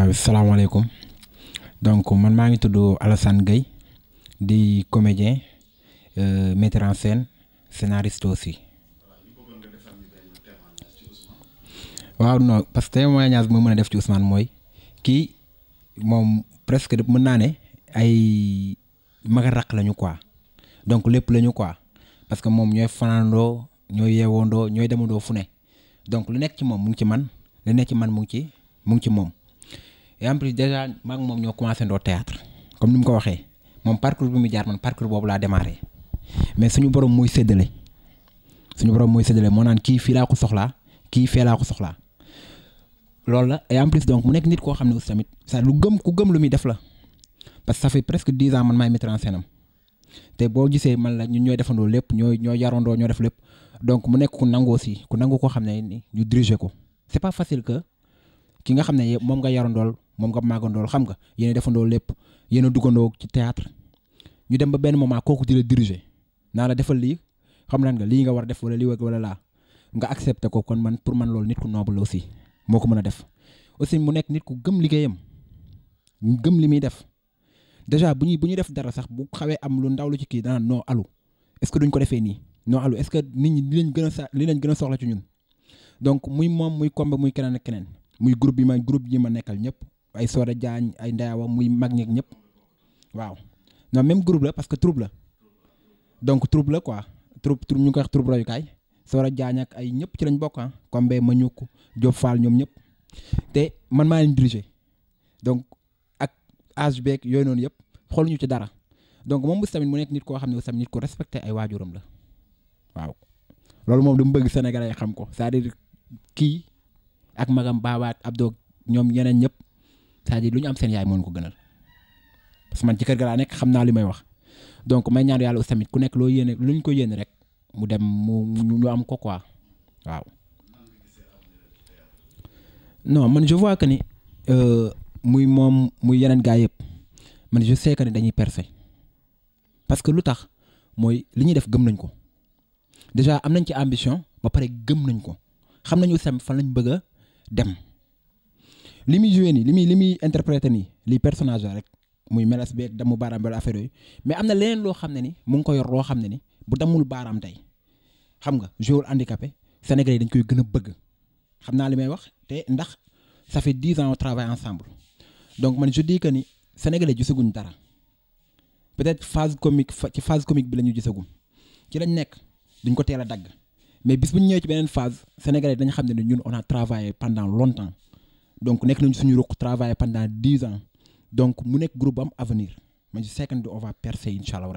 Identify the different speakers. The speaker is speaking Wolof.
Speaker 1: waaw salaamaaleykum donc man maa ngi tudd Alassane Gueye di comédien euh, metteur en scène scénariste aussi waaw non parce que témoignage bi ma mën a def ci Ousmane mooy kii moom presque mën naa ne ay mag raq lañu quoi donc lépp lañu quoi parce que moom ñooy fanaandoo ñooy yeewoondoo ñooy demandoo fu ne donc lu nekk ci moom mu ngi ci man lu nekk ci man mu ngi ci mu ngi ci moom. et en plus déjà maa moom ñoo commencé ndoo théâtre comme ni mu ko waxee moom parcours bi mu jaar man parcours boobu laa démarré mais suñu borom muy séddale suñu borom mooy séddale moo naan kii fii laa ko soxlaa kii fee laa ko soxlaa loolu la et en plus donc mu nekk nit koo xam ne aussi tamit ça lu gëm ku gëm lu muy def la parce que ça presque dix ans man maay mettre en scène am te boo gisee man la ñu ñooy defandoo lépp ñooy ñooy yarandoo ñoo def lépp donc mu nekk ku nangu aussi ku nangu koo xam ne ni ñu diriger ko ki nga xam ne moom nga yarandool moom nga màggandool xam nga yéen defandoo lépp yéen a duggandoo ci théâtre ñu dem ba benn moment kooku di la diriger naa la defal lii xam naan nga lii nga war a def wala lii wala laa nga accepté ko kon man pour man loolu nit ku noble aussi moo ko mën a def. aussi mu nekk nit ku gëm liggéeyam gëm li muy def déjà bu ñu bu ñuy def dara sax bu xawee am lu ndaw lu ci kii dana no alu est-ce que duñ ko defee nii noo alu est-ce que nit ñi li lañ gën a sa lañ gën a soxla ci ñun donc muy moom muy kombe muy keneen ak keneen. muy groupe yi ma group yi ma nekkal ñëpp ay Soda Diagne ay Ndayawa muy mag ñeeg ñëpp waaw non même groupe la parce que troupe la donc troupe la quoi troupe troupe ñu ngi koy wax troupe royukaay Soda Diagne ay ñëpp ci lañ bokk ah Kombe Mañuk Diop Fall ñoom ñëpp te man maa leen donc ak âge beeg yooyu noonu yëpp xooluñu ci dara donc moom aussi tamit mu nekk nit koo xam ne aussi nit ko respecté ay waajuram la waaw loolu moom dama bëgg Sénégalais yi xam ko kii. ak magam baabaat doog ñoom yeneen ñëpp saa à lu ñu am seen yaay moon ko gënal parce man ci kër ga laa nekk xam naa li may wax donc may ñaan yàlla aussi ku nekk loo yéene lu ñu ko yéene rek mu dem mu ñu am ko quoi waaw. non je vois que ni euh, muy moom muy yeneen gaa yëpp man je sais que ni dañuy percer parce que lu tax mooy li ñuy def gëm nañ ko déjà am nañ ci ambition ba pare gëm nañ ko xam nañu aussi fan lañ bëgg dem li muy joué nii li muy li muy interprété nii li personnage la rek muy melas beeg damu baaraam beeg affaire yooyu mais am na leneen loo xam ne ni mu ngi ko yor loo xam ne ni bu damul baaraam tey xam nga joueur handicapé Sénégalais dañ koy gën a bëgg xam naa li may wax te ndax ça fait dix ans on travaille ensemble donc man je dis que ni Sénégalais gisaguñ dara peut-être phase comique ci phase comique bi la ñu gisaguñ ci lañ nekk duñ ko teel a dagg. mais bis bu ñu ñëwee ci beneen phase sénégalais dañu xam ne ne ñun on a travaillé pendant longtemps donc nekk nañu suñu ruq travaillé pendant dix ans donc mu nekk groupe bu avenir man je sais que on va percer incha allah